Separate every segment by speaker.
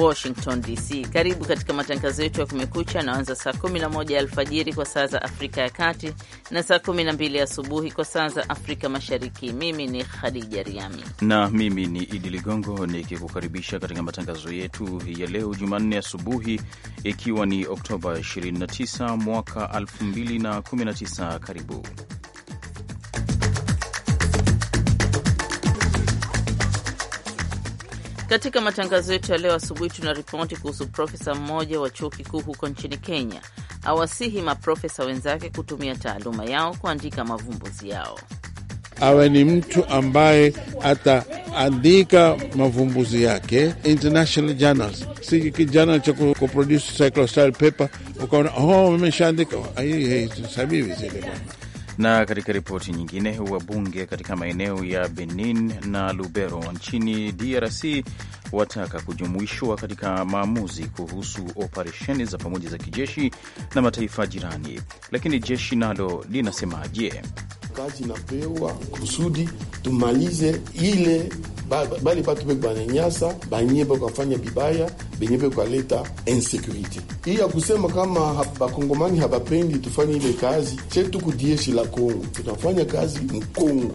Speaker 1: Washington DC. Karibu katika matangazo yetu ya Kumekucha anaanza saa 11 alfajiri kwa saa za Afrika ya Kati na saa 12 asubuhi kwa saa za Afrika Mashariki. Mimi ni Khadija Riami
Speaker 2: na mimi ni Idi Ligongo nikikukaribisha katika matangazo yetu ya leo Jumanne asubuhi, ikiwa ni Oktoba 29 mwaka 2019. Karibu
Speaker 1: Katika matangazo yetu ya leo asubuhi, tuna ripoti kuhusu profesa mmoja wa chuo kikuu huko nchini Kenya awasihi maprofesa wenzake kutumia taaluma yao kuandika mavumbuzi yao.
Speaker 3: Awe ni mtu ambaye ataandika mavumbuzi yake international journals, si kijana cha kuproduce cyclostyle paper ukaona, oh, meshaandika sabibi zile bwana
Speaker 2: na katika ripoti nyingine, wabunge katika maeneo ya Benin na Lubero nchini DRC wataka kujumuishwa katika maamuzi kuhusu operesheni za pamoja za kijeshi na mataifa jirani. Lakini jeshi nalo linasemaje?
Speaker 4: kazi pewa kusudi tumalize ile bali batu beko bananyasa banye bakafanya bibaya benye bekaleta insecurity hii ya kusema kama bakongomani habapendi tufanye ile kazi chetu kudieshi la Kongo tunafanya kazi mkongo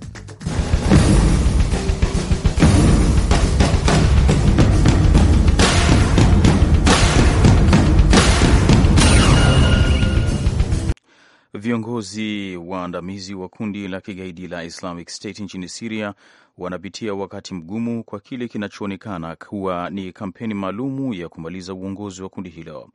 Speaker 2: Viongozi waandamizi wa kundi la kigaidi la Islamic State nchini Siria wanapitia wakati mgumu kwa kile kinachoonekana kuwa ni kampeni maalumu ya kumaliza uongozi wa kundi hilo.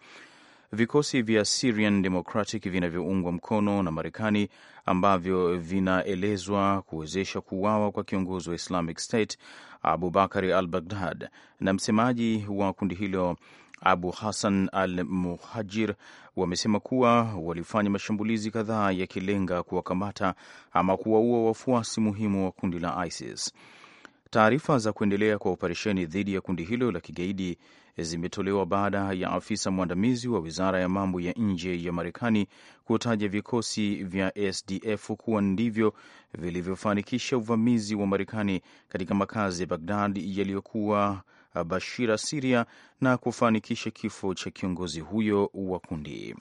Speaker 2: Vikosi vya Syrian Democratic vinavyoungwa mkono na Marekani ambavyo vinaelezwa kuwezesha kuuawa kwa kiongozi wa Islamic State Abu Bakari al Baghdad na msemaji wa kundi hilo Abu Hassan al Muhajir wamesema kuwa walifanya mashambulizi kadhaa yakilenga kuwakamata ama kuwaua wafuasi muhimu wa kundi la ISIS. Taarifa za kuendelea kwa operesheni dhidi ya kundi hilo la kigaidi zimetolewa baada ya afisa mwandamizi wa wizara ya mambo ya nje ya Marekani kutaja vikosi vya SDF kuwa ndivyo vilivyofanikisha uvamizi wa Marekani katika makazi ya Bagdad yaliyokuwa Bashira Siria na kufanikisha kifo cha kiongozi huyo wa kundi.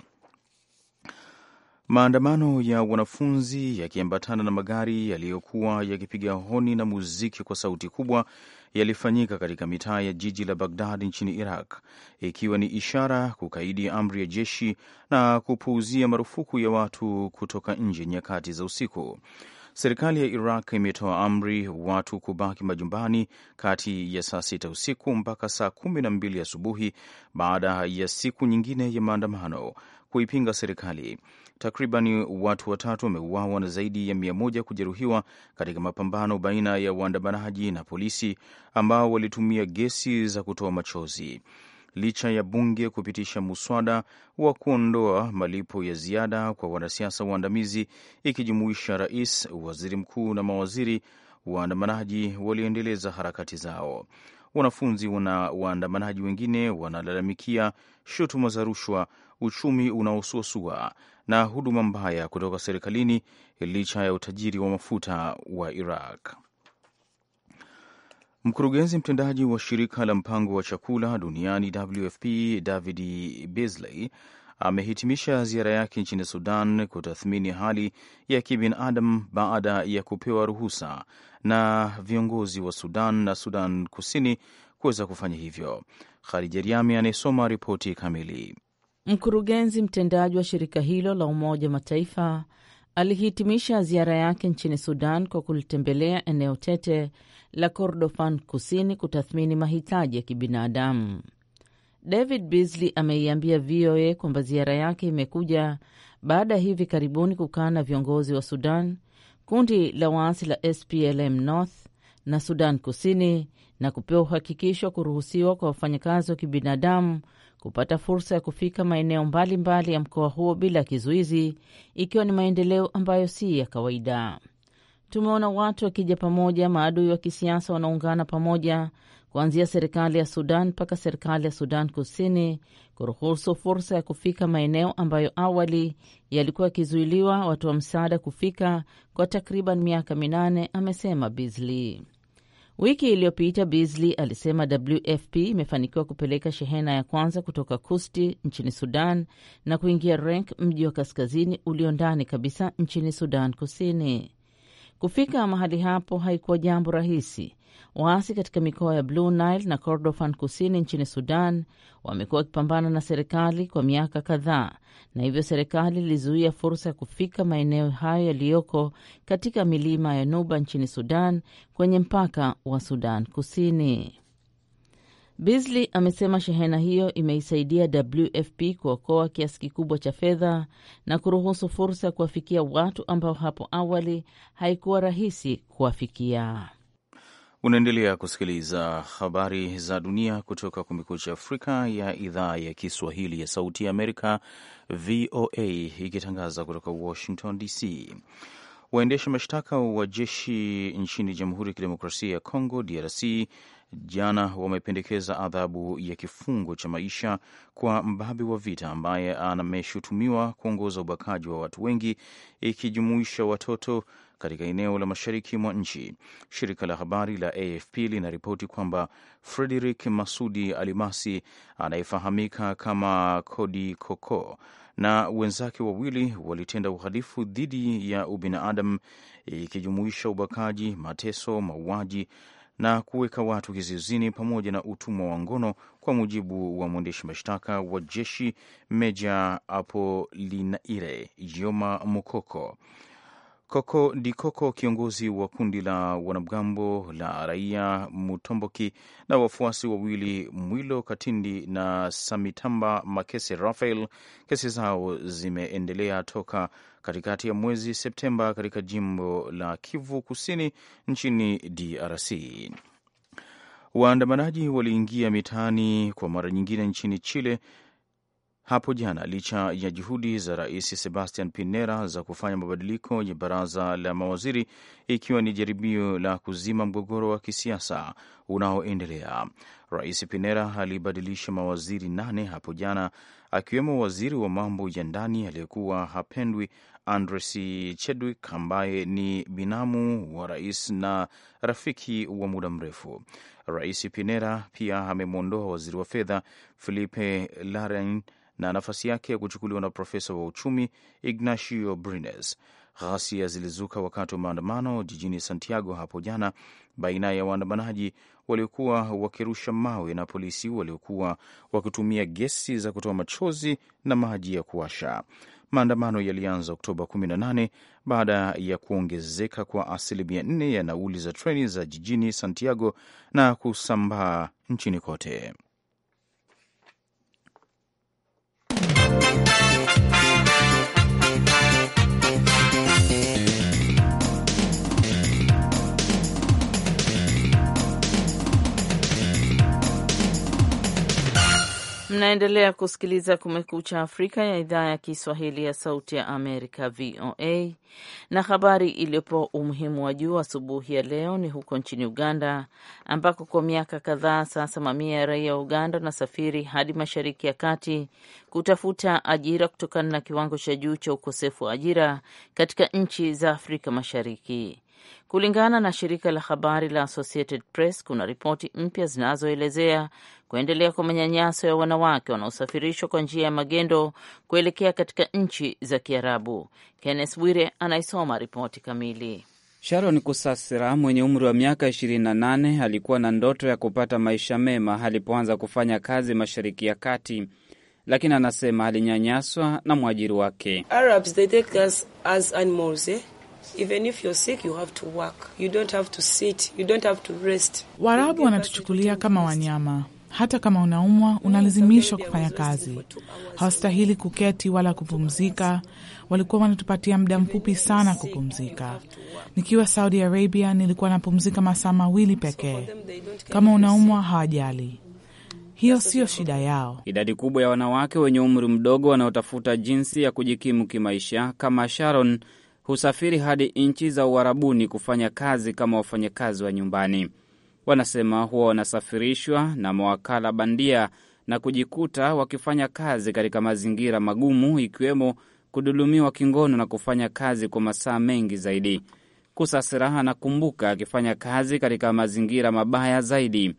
Speaker 2: Maandamano ya wanafunzi yakiambatana na magari yaliyokuwa yakipiga honi na muziki kwa sauti kubwa yalifanyika katika mitaa ya jiji la Bagdad nchini Iraq, ikiwa ni ishara kukaidi amri ya jeshi na kupuuzia marufuku ya watu kutoka nje nyakati za usiku. Serikali ya Iraq imetoa amri watu kubaki majumbani kati ya saa sita usiku mpaka saa kumi na mbili asubuhi baada ya siku nyingine ya maandamano kuipinga serikali. takribani watu watatu wameuawa na zaidi ya mia moja kujeruhiwa katika mapambano baina ya waandamanaji na polisi ambao walitumia gesi za kutoa machozi licha ya bunge kupitisha muswada wa kuondoa malipo ya ziada kwa wanasiasa waandamizi, ikijumuisha rais, waziri mkuu na mawaziri. Waandamanaji waliendeleza harakati zao. Wanafunzi na waandamanaji wengine wanalalamikia shutuma za rushwa, uchumi unaosuasua na huduma mbaya kutoka serikalini, licha ya utajiri wa mafuta wa Iraq. Mkurugenzi mtendaji wa shirika la mpango wa chakula duniani WFP David Beasley amehitimisha ziara yake nchini Sudan kutathmini hali ya kibinadamu baada ya kupewa ruhusa na viongozi wa Sudan na Sudan Kusini kuweza kufanya hivyo. Khadija Riami anayesoma ripoti kamili.
Speaker 1: Mkurugenzi mtendaji wa shirika hilo la Umoja Mataifa alihitimisha ziara yake nchini Sudan kwa kulitembelea eneo tete la Kordofan Kusini kutathmini mahitaji ya kibinadamu. David Beasley ameiambia VOA kwamba ziara yake imekuja baada ya hivi karibuni kukaa na viongozi wa Sudan, kundi la waasi la SPLM North na Sudan Kusini, na kupewa uhakikisho wa kuruhusiwa kwa wafanyakazi wa kibinadamu kupata fursa ya kufika maeneo mbalimbali ya mkoa huo bila kizuizi, ikiwa ni maendeleo ambayo si ya kawaida. Tumeona watu wakija pamoja, maadui wa kisiasa wanaungana pamoja, kuanzia serikali ya Sudan mpaka serikali ya Sudan Kusini, kuruhusu fursa ya kufika maeneo ambayo awali yalikuwa yakizuiliwa watu wa msaada kufika kwa takriban miaka minane, amesema bisli Wiki iliyopita Beasley alisema WFP imefanikiwa kupeleka shehena ya kwanza kutoka Kusti nchini Sudan na kuingia Renk, mji wa kaskazini ulio ndani kabisa nchini Sudan Kusini. Kufika mahali hapo haikuwa jambo rahisi, Waasi katika mikoa ya Blue Nile na Kordofan kusini nchini Sudan wamekuwa wakipambana na serikali kwa miaka kadhaa, na hivyo serikali ilizuia fursa ya kufika maeneo hayo yaliyoko katika milima ya Nuba nchini Sudan kwenye mpaka wa Sudan Kusini. Bisley amesema shehena hiyo imeisaidia WFP kuokoa kiasi kikubwa cha fedha na kuruhusu fursa ya kuwafikia watu ambao hapo awali haikuwa rahisi kuwafikia.
Speaker 2: Unaendelea kusikiliza habari za dunia kutoka Kumekucha Afrika ya idhaa ya Kiswahili ya Sauti ya Amerika, VOA, ikitangaza kutoka Washington DC. Waendesha mashtaka wa jeshi nchini Jamhuri ya Kidemokrasia ya Kongo, DRC, jana wamependekeza adhabu ya kifungo cha maisha kwa mbabe wa vita ambaye ameshutumiwa kuongoza ubakaji wa watu wengi, ikijumuisha watoto katika eneo la mashariki mwa nchi. Shirika la habari la AFP linaripoti kwamba Frederick Masudi Alimasi anayefahamika kama Kodi Koko na wenzake wawili walitenda uhalifu dhidi ya ubinadamu ikijumuisha ubakaji, mateso, mauaji na kuweka watu kizuizini pamoja na utumwa wa ngono, kwa mujibu wa mwendesha mashtaka wa jeshi Meja Apolinaire Joma Mokoko. Koko Ndikoko, kiongozi wa kundi la wanamgambo la raia Mutomboki na wafuasi wawili Mwilo Katindi na Samitamba Makese Rafael, kesi zao zimeendelea toka katikati ya mwezi Septemba katika jimbo la Kivu Kusini nchini DRC. Waandamanaji waliingia mitaani kwa mara nyingine nchini Chile hapo jana, licha ya juhudi za Rais Sebastian Pinera za kufanya mabadiliko ya baraza la mawaziri, ikiwa ni jaribio la kuzima mgogoro wa kisiasa unaoendelea. Rais Pinera alibadilisha mawaziri nane hapo jana, akiwemo waziri wa mambo ya ndani aliyekuwa hapendwi Andres Chedwick, ambaye ni binamu wa rais na rafiki wa muda mrefu. Rais Pinera pia amemwondoa waziri wa fedha Filipe Larin na nafasi yake ya kuchukuliwa na profesa wa uchumi Ignacio Brines. Ghasia zilizuka wakati wa maandamano jijini Santiago hapo jana baina ya waandamanaji waliokuwa wakirusha mawe na polisi waliokuwa wakitumia gesi za kutoa machozi na maji ya kuwasha. Maandamano yalianza Oktoba 18 baada ya kuongezeka kwa asilimia nne ya nauli za treni za jijini Santiago na kusambaa nchini kote.
Speaker 1: Mnaendelea kusikiliza Kumekucha Afrika ya idhaa ya Kiswahili ya Sauti ya Amerika, VOA. Na habari iliyopewa umuhimu wa juu asubuhi ya leo ni huko nchini Uganda, ambako kwa miaka kadhaa sasa mamia ya raia wa Uganda wanasafiri hadi Mashariki ya Kati kutafuta ajira kutokana na kiwango cha juu cha ukosefu wa ajira katika nchi za Afrika Mashariki. Kulingana na shirika la habari la Associated Press, kuna ripoti mpya zinazoelezea kuendelea kwa manyanyaso ya wanawake wanaosafirishwa kwa njia ya magendo kuelekea katika nchi za Kiarabu. Kenneth Bwire anaisoma ripoti kamili.
Speaker 5: Sharon Kusasira mwenye umri wa miaka 28 alikuwa na ndoto ya kupata maisha mema alipoanza kufanya kazi Mashariki ya Kati, lakini anasema alinyanyaswa na mwajiri wake Arabs, they take us as animals, eh? Even
Speaker 2: Waarabu wanatuchukulia kama wanyama. Hata kama unaumwa unalazimishwa kufanya kazi. Hawastahili kuketi wala kupumzika. Walikuwa wanatupatia muda mfupi sana kupumzika. Nikiwa Saudi Arabia nilikuwa napumzika masaa mawili pekee. Kama unaumwa hawajali, hiyo siyo shida yao.
Speaker 5: Idadi kubwa ya wanawake wenye umri mdogo wanaotafuta jinsi ya kujikimu kimaisha kama Sharon husafiri hadi nchi za uharabuni kufanya kazi kama wafanyakazi wa nyumbani. Wanasema huwa wanasafirishwa na mawakala bandia na kujikuta wakifanya kazi katika mazingira magumu, ikiwemo kudulumiwa kingono na kufanya kazi kwa masaa mengi zaidi. kusasira anakumbuka akifanya kazi katika mazingira mabaya zaidi.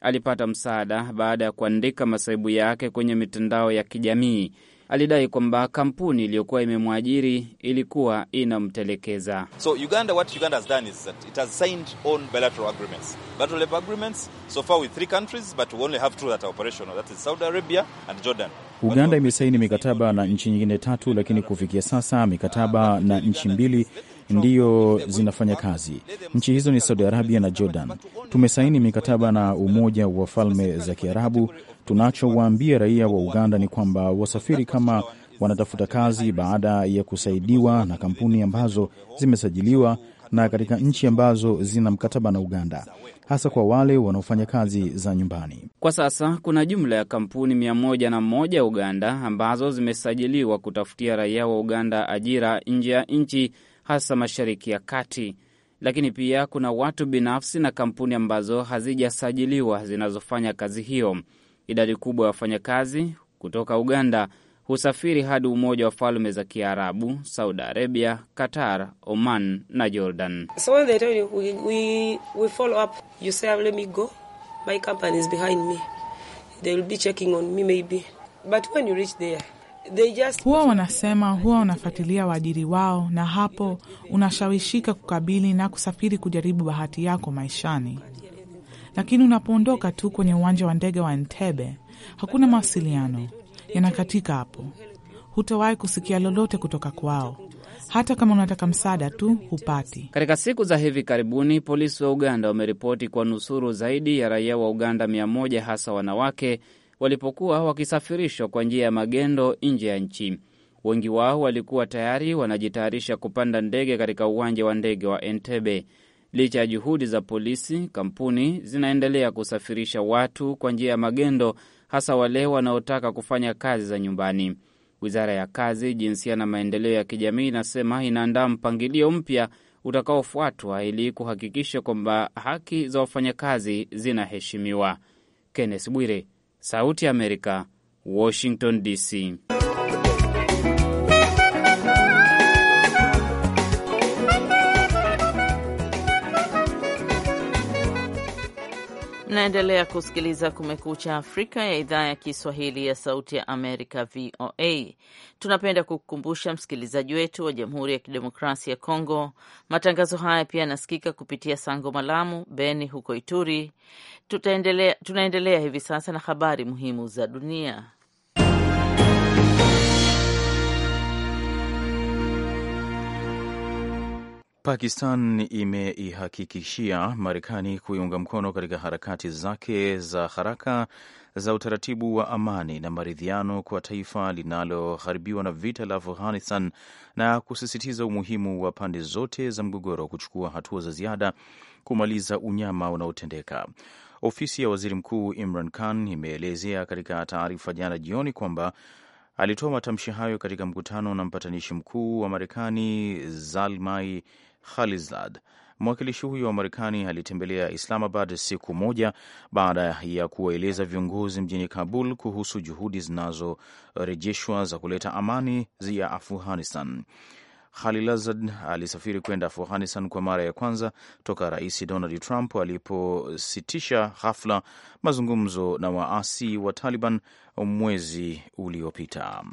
Speaker 5: Alipata msaada baada ya kuandika masaibu yake kwenye mitandao ya kijamii alidai kwamba kampuni iliyokuwa imemwajiri ilikuwa inamtelekeza.
Speaker 6: So Uganda, what Uganda has done is that it has signed on bilateral agreements. Bilateral agreements so far with three countries but we only have two that are operational. That is Saudi Arabia and Jordan.
Speaker 2: Uganda imesaini mikataba na nchi nyingine tatu, lakini kufikia sasa mikataba na nchi mbili ndiyo zinafanya kazi. Nchi hizo ni Saudi Arabia na Jordan. Tumesaini mikataba na Umoja wa Falme za Kiarabu Tunachowaambia raia wa Uganda ni kwamba wasafiri kama wanatafuta kazi baada ya kusaidiwa na kampuni ambazo zimesajiliwa na katika nchi ambazo zina mkataba na Uganda, hasa kwa wale wanaofanya kazi za nyumbani.
Speaker 5: Kwa sasa kuna jumla ya kampuni mia moja na Uganda ambazo zimesajiliwa kutafutia raia wa Uganda ajira nje ya nchi, hasa mashariki ya kati. Lakini pia kuna watu binafsi na kampuni ambazo hazijasajiliwa zinazofanya kazi hiyo. Idadi kubwa ya wafanyakazi kutoka Uganda husafiri hadi Umoja wa Falme za Kiarabu, Saudi Arabia, Qatar, Oman na Jordan.
Speaker 2: Huwa wanasema huwa wanafuatilia waajiri wao, na hapo unashawishika kukabili na kusafiri kujaribu bahati yako maishani lakini unapoondoka tu kwenye uwanja wa ndege wa Entebbe hakuna mawasiliano, yanakatika hapo. Hutawahi kusikia lolote kutoka kwao, hata kama unataka msaada tu hupati.
Speaker 5: Katika siku za hivi karibuni, polisi wa Uganda wameripoti kwa nusuru zaidi ya raia wa Uganda mia moja, hasa wanawake walipokuwa wakisafirishwa kwa njia ya magendo nje ya nchi. Wengi wao walikuwa tayari wanajitayarisha kupanda ndege katika uwanja wa ndege wa Entebbe. Licha ya juhudi za polisi, kampuni zinaendelea kusafirisha watu kwa njia ya magendo, hasa wale wanaotaka kufanya kazi za nyumbani. Wizara ya Kazi, Jinsia na Maendeleo ya Kijamii inasema inaandaa mpangilio mpya utakaofuatwa ili kuhakikisha kwamba haki za wafanyakazi zinaheshimiwa. Kenneth Bwire, Sauti ya Amerika, Washington DC.
Speaker 1: Mnaendelea kusikiliza Kumekucha Afrika ya idhaa ya Kiswahili ya Sauti ya Amerika, VOA. Tunapenda kukukumbusha msikilizaji wetu wa Jamhuri ya Kidemokrasia ya Kongo, matangazo haya pia yanasikika kupitia Sango Malamu, Beni huko Ituri. Tutaendelea, tunaendelea hivi sasa na habari muhimu za dunia.
Speaker 2: Pakistan imeihakikishia Marekani kuiunga mkono katika harakati zake za haraka za utaratibu wa amani na maridhiano kwa taifa linaloharibiwa na vita la Afghanistan na kusisitiza umuhimu wa pande zote za mgogoro kuchukua hatua za ziada kumaliza unyama unaotendeka. Ofisi ya Waziri Mkuu Imran Khan imeelezea katika taarifa jana jioni kwamba alitoa matamshi hayo katika mkutano na mpatanishi mkuu wa Marekani zalmai Khalizad. Mwakilishi huyo wa Marekani alitembelea Islamabad siku moja baada ya kuwaeleza viongozi mjini Kabul kuhusu juhudi zinazorejeshwa za kuleta amani ya Afghanistan. Khalilzad alisafiri kwenda Afghanistan kwa mara ya kwanza toka Rais Donald Trump alipositisha ghafla mazungumzo na waasi wa Taliban mwezi uliopita.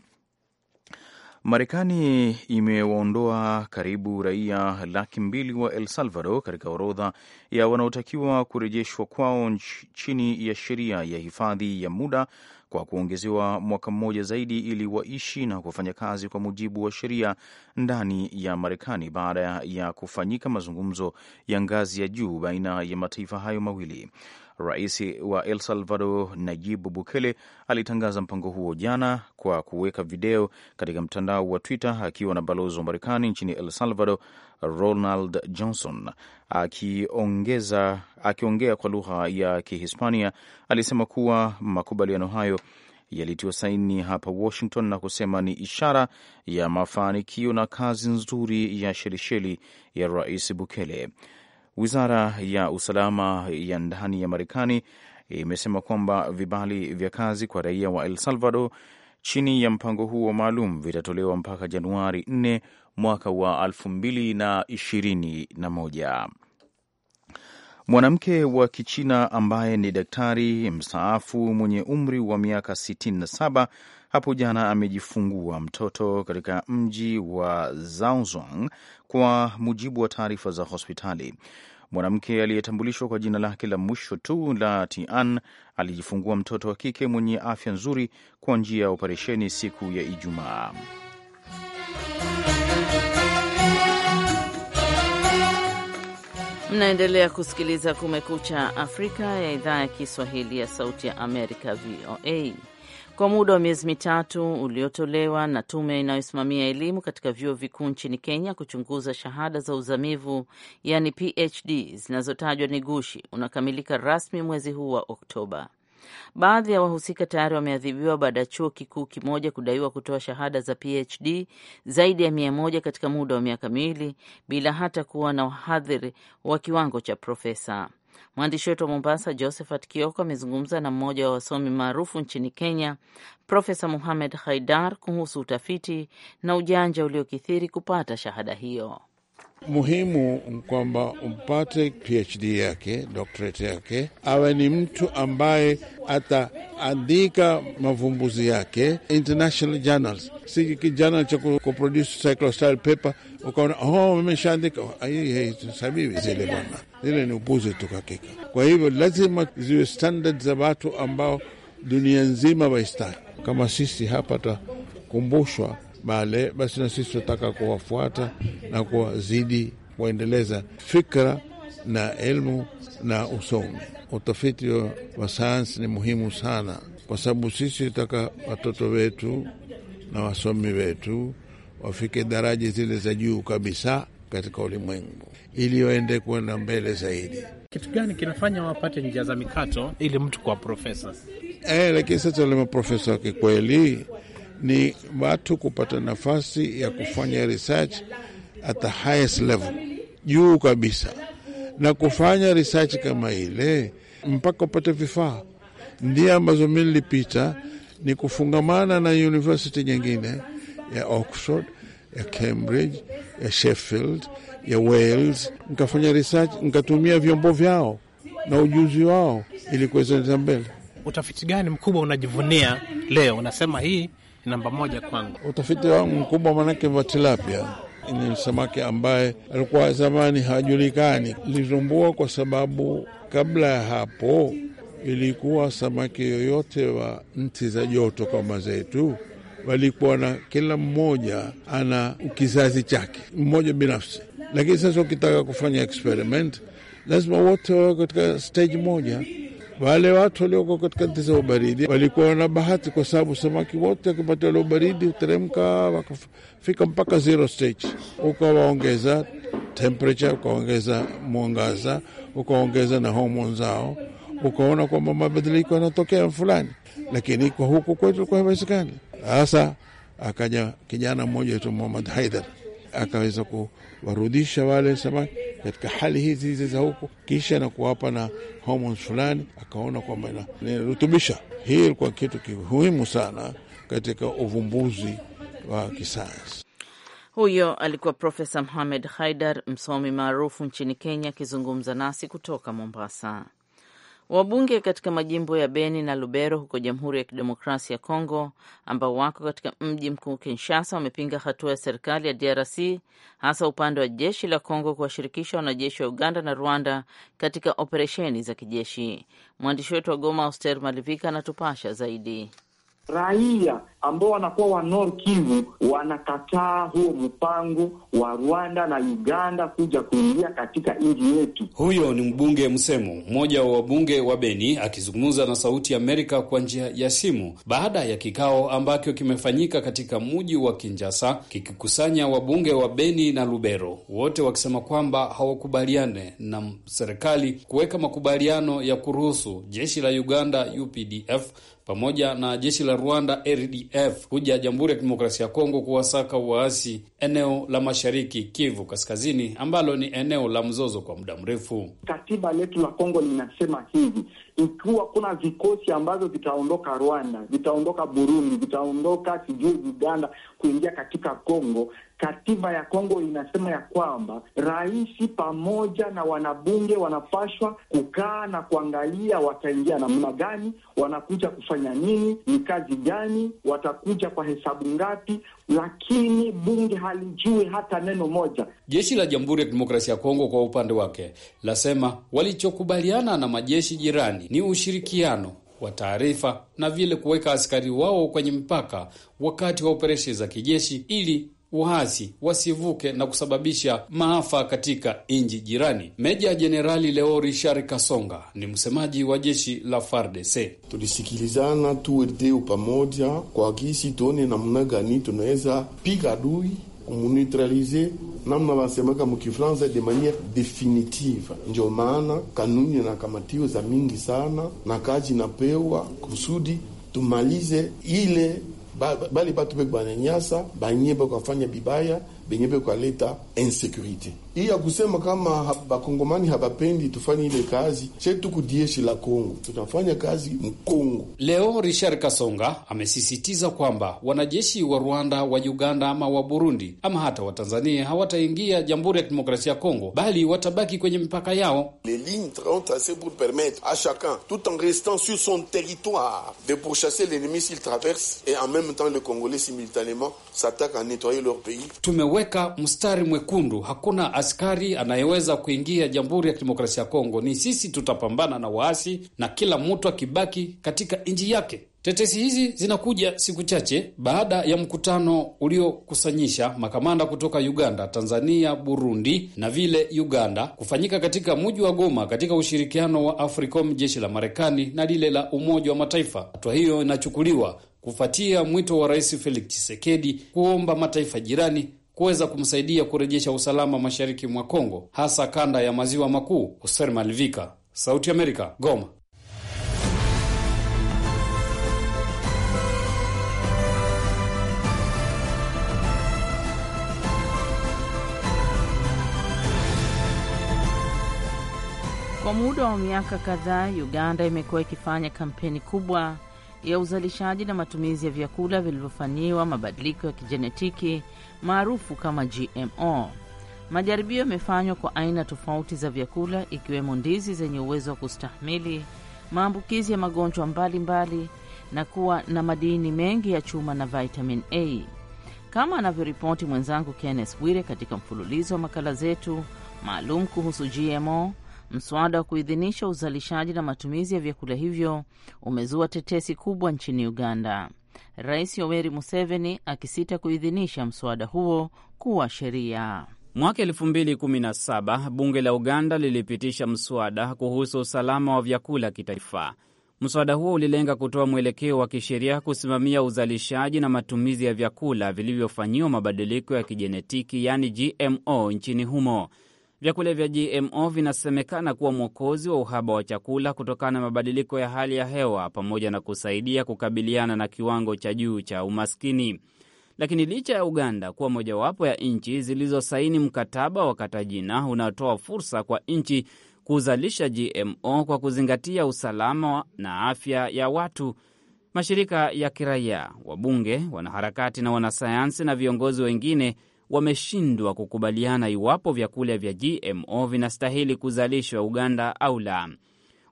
Speaker 2: Marekani imewaondoa karibu raia laki mbili wa El Salvador katika orodha ya wanaotakiwa kurejeshwa kwao chini ya sheria ya hifadhi ya muda kwa kuongezewa mwaka mmoja zaidi ili waishi na kufanya kazi kwa mujibu wa sheria ndani ya Marekani baada ya kufanyika mazungumzo ya ngazi ya juu baina ya mataifa hayo mawili. Rais wa El Salvador Najibu Bukele alitangaza mpango huo jana kwa kuweka video katika mtandao wa Twitter akiwa na balozi wa Marekani nchini El Salvador Ronald Johnson akiongeza akiongea kwa lugha ya Kihispania. Alisema kuwa makubaliano hayo yalitiwa saini hapa Washington na kusema ni ishara ya mafanikio na kazi nzuri ya Shelisheli ya Rais Bukele. Wizara ya usalama ya ndani ya Marekani imesema kwamba vibali vya kazi kwa raia wa El Salvador chini ya mpango huo maalum vitatolewa mpaka Januari 4 mwaka wa 2021. Mwanamke wa Kichina ambaye ni daktari mstaafu mwenye umri wa miaka hapo jana amejifungua mtoto katika mji wa Zaozong, kwa mujibu wa taarifa za hospitali. Mwanamke aliyetambulishwa kwa jina lake la mwisho tu la Tian alijifungua mtoto wa kike mwenye afya nzuri kwa njia ya operesheni siku ya Ijumaa.
Speaker 1: Mnaendelea kusikiliza Kumekucha Afrika ya idhaa ya Kiswahili ya Sauti ya Amerika, VOA kwa muda wa miezi mitatu uliotolewa na tume inayosimamia elimu katika vyuo vikuu nchini Kenya kuchunguza shahada za uzamivu yani PhD zinazotajwa ni gushi unakamilika rasmi mwezi huu wa Oktoba. Baadhi ya wahusika tayari wameadhibiwa baada ya chuo kikuu kimoja kudaiwa kutoa shahada za PhD zaidi ya mia moja katika muda wa miaka miwili bila hata kuwa na wahadhiri wa kiwango cha profesa. Mwandishi wetu wa Mombasa, Josephat Kioko, amezungumza na mmoja wa wasomi maarufu nchini Kenya, Profesa Muhamed Haidar, kuhusu utafiti na ujanja uliokithiri kupata shahada hiyo.
Speaker 3: Muhimu kwamba umpate PhD yake doctorate yake, awe ni mtu ambaye ataandika mavumbuzi yake international journals, si kijana cha kuproduce cyclostyle paper ukaona oh, imeshaandika sabibi zile bwana ile ni upuzi tu hakika. Kwa hivyo lazima ziwe standard za watu ambao dunia nzima waistaki. Kama sisi hapa takumbushwa bale, basi na sisi tunataka kuwafuata na kuwazidi kuendeleza fikra na elmu na usomi. Utafiti wa sayansi ni muhimu sana, kwa sababu sisi taka watoto wetu na wasomi wetu wafike daraja zile za juu kabisa katika ulimwengu ili waende kwenda mbele zaidi.
Speaker 2: Kitu gani kinafanya wapate njia za mikato ili mtu kuwa profesa?
Speaker 3: Eh, lakini sasa ule maprofesa wa kikweli ni watu kupata nafasi ya kufanya research at the highest level, juu kabisa, na kufanya research kama ile mpaka upate vifaa. Ndio ambazo mi nilipita ni kufungamana na university nyingine ya Oxford ya Cambridge, ya Sheffield, ya Wales, nikafanya research, nikatumia vyombo vyao na ujuzi wao ili kuwezesha mbele.
Speaker 2: Utafiti gani mkubwa unajivunia leo, unasema hii namba moja kwangu?
Speaker 3: Utafiti wangu mkubwa maanake wa tilapia ni samaki ambaye alikuwa zamani hajulikani. Lizumbua kwa sababu kabla ya hapo ilikuwa samaki yoyote wa nchi za joto kama zetu walikuwa na kila mmoja ana kizazi chake mmoja binafsi, lakini sasa ukitaka kufanya experiment lazima wote wawe katika stage moja. Wale watu walioko katika nchi za ubaridi walikuwa na bahati, kwa sababu samaki wote wakipata ule ubaridi huteremka wakafika mpaka zero stage. Ukawaongeza temperature, ukaongeza mwangaza, ukaongeza na homoni zao, ukaona kwamba mabadiliko yanatokea fulani, lakini kwa huku kwetu kwa haiwezekani. Sasa akaja kijana mmoja aitwa Muhammad Haidar akaweza kuwarudisha wale samaki katika hali hizi hizi za huku, kisha na kuwapa na homoni fulani, akaona kwamba inarutubisha. Hii ilikuwa kitu kimuhimu sana katika uvumbuzi wa kisayansi.
Speaker 1: Huyo alikuwa Profesa Mohamed Haidar, msomi maarufu nchini Kenya, akizungumza nasi kutoka Mombasa. Wabunge katika majimbo ya Beni na Lubero huko Jamhuri ya Kidemokrasia ya Kongo, ambao wako katika mji mkuu Kinshasa, wamepinga hatua ya serikali ya DRC, hasa upande wa jeshi la Kongo kuwashirikisha wanajeshi wa Uganda na Rwanda katika operesheni za kijeshi. Mwandishi wetu wa Goma, Auster Malivika, anatupasha zaidi.
Speaker 6: Raia ambao wanakuwa wa Nord Kivu wanakataa huo mpango wa Rwanda na Uganda kuja kuingia katika nchi yetu. Huyo ni mbunge Msemu, mmoja wa wabunge wa Beni, akizungumza na Sauti ya Amerika kwa njia ya simu baada ya kikao ambacho kimefanyika katika mji wa kinjasa kikikusanya wabunge wa Beni na Lubero, wote wakisema kwamba hawakubaliane na serikali kuweka makubaliano ya kuruhusu jeshi la Uganda UPDF pamoja na jeshi la Rwanda RDF ADF kuja Jamhuri ya Kidemokrasia ya Kongo kuwasaka waasi eneo la Mashariki Kivu Kaskazini ambalo ni eneo la mzozo kwa muda mrefu. Katiba letu la Kongo linasema hivi ikiwa kuna vikosi ambazo vitaondoka Rwanda, vitaondoka Burundi, vitaondoka sijui Uganda kuingia katika Kongo, katiba ya Kongo inasema ya kwamba rais pamoja na wanabunge wanapashwa kukaa na kuangalia wataingia namna gani, wanakuja kufanya nini, ni kazi gani, watakuja kwa hesabu ngapi, lakini bunge halijui hata neno moja. Jeshi la Jamhuri ya Kidemokrasia ya Kongo kwa upande wake lasema walichokubaliana na majeshi jirani ni ushirikiano wa taarifa na vile kuweka askari wao kwenye mpaka wakati wa operesheni za kijeshi ili waasi wasivuke na kusababisha maafa katika nchi jirani. Meja Jenerali Leo Richard Kasonga ni msemaji wa jeshi la FARDC.
Speaker 4: Tulisikilizana tuweteu pamoja kwa kisi tuone namna gani tunaweza piga adui kumuneutralize namna wasemaka mukifransa de maniere definitive. Ndio maana kanuni na kamatio za mingi sana na kaji na pewa kusudi tumalize ile bali batu be bananyasa banye bakafanya bibaya benye bekwaleta insecurity hii ya kusema kama bakongomani habapendi tufanye ile kazi chetu kudieshi la Kongo, tunafanya kazi Mkongo.
Speaker 6: Leo Richard Kasonga amesisitiza kwamba wanajeshi wa Rwanda, wa Uganda ama wa Burundi ama hata wa Tanzania hawataingia Jamhuri ya Kidemokrasia ya Kongo, bali watabaki
Speaker 4: kwenye mipaka yao. les lignes tracées pour permettre à chacun tout en restant sur son territoire de pourchasser l'ennemi s'il traverse et en même temps le Congolais simultanément s'attaque à nettoyer leur pays
Speaker 6: tumeweka mstari mwekundu, hakuna askari anayeweza kuingia Jamhuri ya Kidemokrasia ya Kongo. Ni sisi tutapambana na waasi na kila mtu akibaki katika nchi yake. Tetesi hizi zinakuja siku chache baada ya mkutano uliokusanyisha makamanda kutoka Uganda, Tanzania, Burundi na vile Uganda kufanyika katika mji wa Goma katika ushirikiano wa AFRICOM, jeshi la Marekani na lile la Umoja wa Mataifa. Hatua hiyo inachukuliwa kufuatia mwito wa Rais Felix Tshisekedi kuomba mataifa jirani kuweza kumsaidia kurejesha usalama mashariki mwa Kongo, hasa kanda ya maziwa makuu. Hoser Malivika, Sauti Amerika, Goma.
Speaker 1: Kwa muda wa miaka kadhaa Uganda imekuwa ikifanya kampeni kubwa ya uzalishaji na matumizi ya vyakula vilivyofanyiwa mabadiliko ya kijenetiki maarufu kama GMO. Majaribio yamefanywa kwa aina tofauti za vyakula ikiwemo ndizi zenye uwezo wa kustahimili maambukizi ya magonjwa mbalimbali mbali, na kuwa na madini mengi ya chuma na vitamin A kama anavyoripoti mwenzangu Kenneth Bwire katika mfululizo wa makala zetu maalum kuhusu GMO. Mswada wa kuidhinisha uzalishaji na matumizi ya vyakula hivyo umezua tetesi kubwa nchini Uganda, Rais Yoweri Museveni akisita kuidhinisha mswada huo kuwa sheria. Mwaka 2017 bunge la
Speaker 5: Uganda lilipitisha mswada kuhusu usalama wa vyakula kitaifa. Mswada huo ulilenga kutoa mwelekeo wa kisheria kusimamia uzalishaji na matumizi ya vyakula vilivyofanyiwa mabadiliko ya kijenetiki, yaani GMO, nchini humo. Vyakula vya GMO vinasemekana kuwa mwokozi wa uhaba wa chakula kutokana na mabadiliko ya hali ya hewa pamoja na kusaidia kukabiliana na kiwango cha juu cha umaskini. Lakini licha ya Uganda kuwa mojawapo ya nchi zilizosaini mkataba wa Katajina unaotoa fursa kwa nchi kuzalisha GMO kwa kuzingatia usalama na afya ya watu, mashirika ya kiraia, wabunge, wanaharakati na wanasayansi na viongozi wengine wameshindwa kukubaliana iwapo vyakula vya GMO vinastahili kuzalishwa Uganda au la.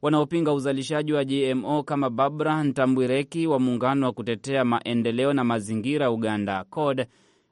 Speaker 5: Wanaopinga uzalishaji wa GMO kama Babra Ntambwireki wa muungano wa kutetea maendeleo na mazingira Uganda COD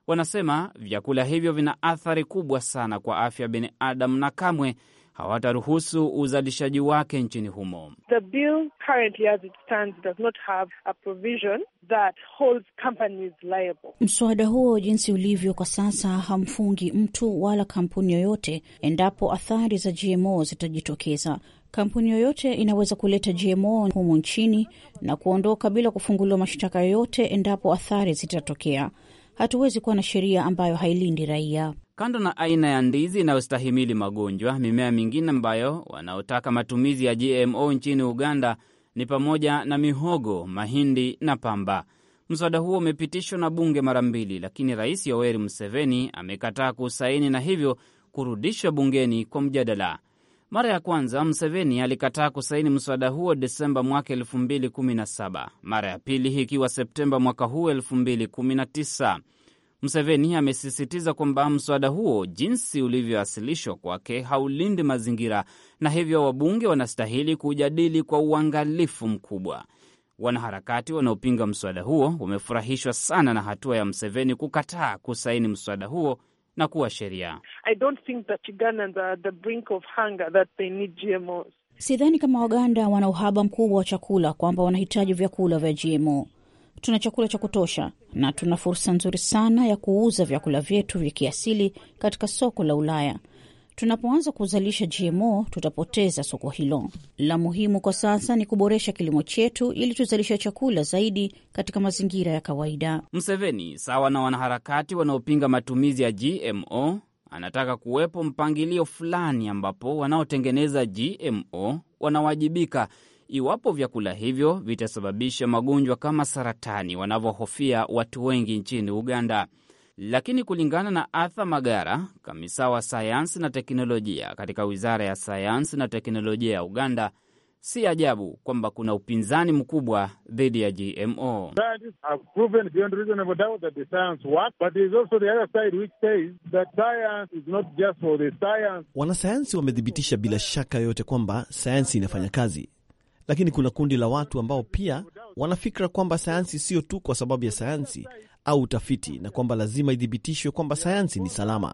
Speaker 5: wanasema vyakula hivyo vina athari kubwa sana kwa afya ya binadamu na kamwe hawataruhusu uzalishaji wake nchini humo.
Speaker 3: The bill currently as it
Speaker 6: stands does not have a provision that holds companies liable.
Speaker 7: Mswada huo jinsi ulivyo kwa sasa hamfungi mtu wala kampuni yoyote endapo athari za GMO zitajitokeza. Kampuni yoyote inaweza kuleta GMO humu nchini na kuondoka bila kufunguliwa mashtaka yoyote endapo athari zitatokea. Hatuwezi kuwa na sheria ambayo hailindi raia.
Speaker 5: Kando na aina ya ndizi inayostahimili magonjwa, mimea mingine ambayo wanaotaka matumizi ya GMO nchini Uganda ni pamoja na mihogo, mahindi na pamba. Mswada huo umepitishwa na bunge mara mbili, lakini Rais Yoweri Museveni amekataa kusaini na hivyo kurudishwa bungeni kwa mjadala. Mara ya kwanza Museveni alikataa kusaini mswada huo Desemba mwaka 2017, mara ya pili ikiwa Septemba mwaka huu 2019 mseveni amesisitiza kwamba mswada huo jinsi ulivyowasilishwa kwake haulindi mazingira na hivyo wabunge wanastahili kujadili kwa uangalifu mkubwa. Wanaharakati wanaopinga mswada huo wamefurahishwa sana na hatua ya mseveni kukataa kusaini mswada huo na kuwa sheria.
Speaker 7: Sidhani kama Waganda wana uhaba mkubwa wa chakula kwamba wanahitaji vyakula vya GMO tuna chakula cha kutosha na tuna fursa nzuri sana ya kuuza vyakula vyetu vya kiasili katika soko la Ulaya. Tunapoanza kuzalisha GMO tutapoteza soko hilo. La muhimu kwa sasa ni kuboresha kilimo chetu ili tuzalisha chakula zaidi katika mazingira ya kawaida.
Speaker 5: Mseveni, sawa na wanaharakati wanaopinga matumizi ya GMO, anataka kuwepo mpangilio fulani ambapo wanaotengeneza GMO wanawajibika iwapo vyakula hivyo vitasababisha magonjwa kama saratani wanavyohofia watu wengi nchini Uganda. Lakini kulingana na Arthur Magara, kamisa wa sayansi na teknolojia katika wizara ya sayansi na teknolojia ya Uganda, si ajabu kwamba kuna upinzani mkubwa dhidi ya GMO.
Speaker 2: Wanasayansi wamethibitisha bila shaka yoyote kwamba sayansi inafanya kazi, lakini kuna kundi la watu ambao pia wanafikira kwamba sayansi sio tu kwa sababu ya sayansi au utafiti, na kwamba lazima ithibitishwe kwamba sayansi ni salama.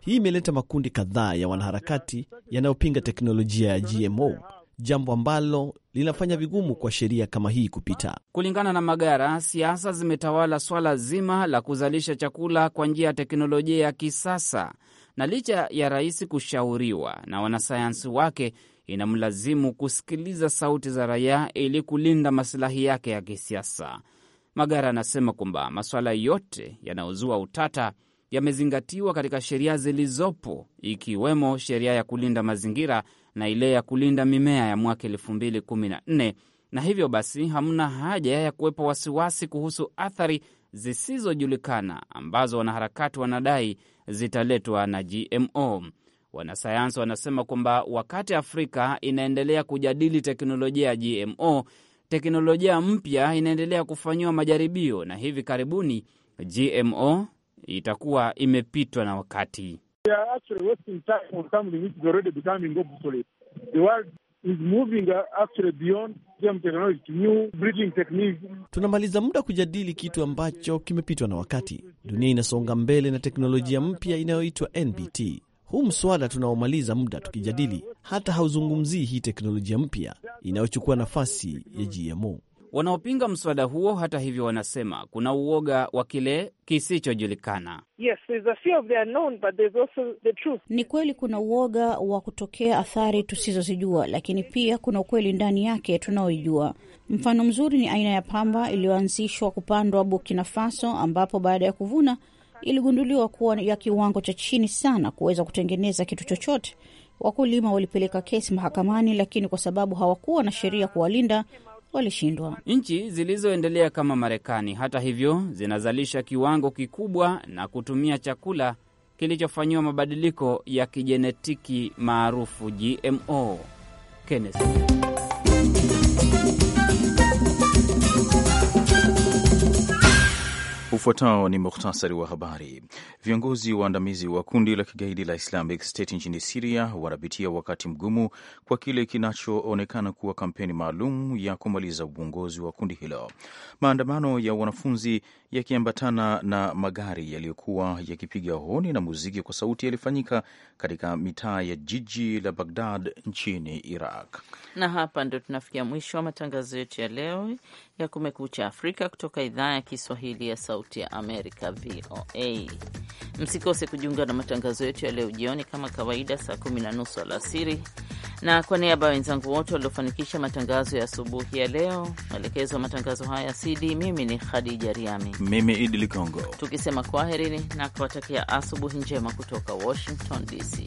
Speaker 2: Hii imeleta makundi kadhaa ya wanaharakati yanayopinga teknolojia ya GMO, jambo ambalo linafanya vigumu kwa sheria kama hii kupita.
Speaker 5: Kulingana na Magara, siasa zimetawala swala zima la kuzalisha chakula kwa njia ya teknolojia ya kisasa na licha ya rais kushauriwa na wanasayansi wake, inamlazimu kusikiliza sauti za raia ili kulinda masilahi yake ya kisiasa. Magara anasema kwamba masuala yote yanayozua utata yamezingatiwa katika sheria zilizopo ikiwemo sheria ya kulinda mazingira na ile ya kulinda mimea ya mwaka 2014 na hivyo basi hamna haja ya kuwepo wasiwasi kuhusu athari zisizojulikana ambazo wanaharakati wanadai zitaletwa na GMO. Wanasayansi wanasema kwamba wakati Afrika inaendelea kujadili teknolojia ya GMO, teknolojia mpya inaendelea kufanyiwa majaribio na hivi karibuni GMO itakuwa imepitwa na wakati
Speaker 3: is moving actually beyond technology to new breeding techniques. Tunamaliza
Speaker 2: muda kujadili kitu ambacho kimepitwa na wakati. Dunia inasonga mbele na teknolojia mpya inayoitwa NBT. Huu mswada tunaomaliza muda tukijadili hata hauzungumzii hii teknolojia mpya inayochukua nafasi ya GMO.
Speaker 5: Wanaopinga mswada huo hata hivyo, wanasema kuna uoga wa kile kisichojulikana.
Speaker 7: Yes, ni kweli kuna uoga wa kutokea athari tusizozijua, lakini pia kuna ukweli ndani yake tunaoijua. Mfano mzuri ni aina ya pamba iliyoanzishwa kupandwa Burkina Faso, ambapo baada ya kuvuna iligunduliwa kuwa ya kiwango cha chini sana kuweza kutengeneza kitu chochote. Wakulima walipeleka kesi mahakamani, lakini kwa sababu hawakuwa na sheria kuwalinda, walishindwa.
Speaker 5: Nchi zilizoendelea kama Marekani, hata hivyo, zinazalisha kiwango kikubwa na kutumia chakula kilichofanyiwa mabadiliko ya kijenetiki maarufu GMO. Kenneth
Speaker 2: Ufuatao ni muhtasari wa habari. Viongozi waandamizi wa kundi la kigaidi la Islamic State nchini Siria wanapitia wakati mgumu kwa kile kinachoonekana kuwa kampeni maalum ya kumaliza uongozi wa kundi hilo. Maandamano ya wanafunzi yakiambatana na magari yaliyokuwa yakipiga honi na muziki kwa sauti yalifanyika katika mitaa ya jiji la Bagdad nchini Iraq.
Speaker 1: Na hapa ndio tunafikia mwisho wa matangazo yetu ya leo ya Kumekucha Afrika kutoka idhaa ya Kiswahili ya Sauti ya Amerika, VOA. Msikose kujiunga na matangazo yetu ya leo jioni kama kawaida, saa kumi na nusu alasiri na kwa niaba ya wenzangu wote waliofanikisha matangazo ya asubuhi ya leo, mwelekezo wa matangazo haya CD, mimi ni Khadija Riami
Speaker 2: mimi Idi Ligongo,
Speaker 1: tukisema kwaherini na kuwatakia asubuhi njema kutoka Washington DC.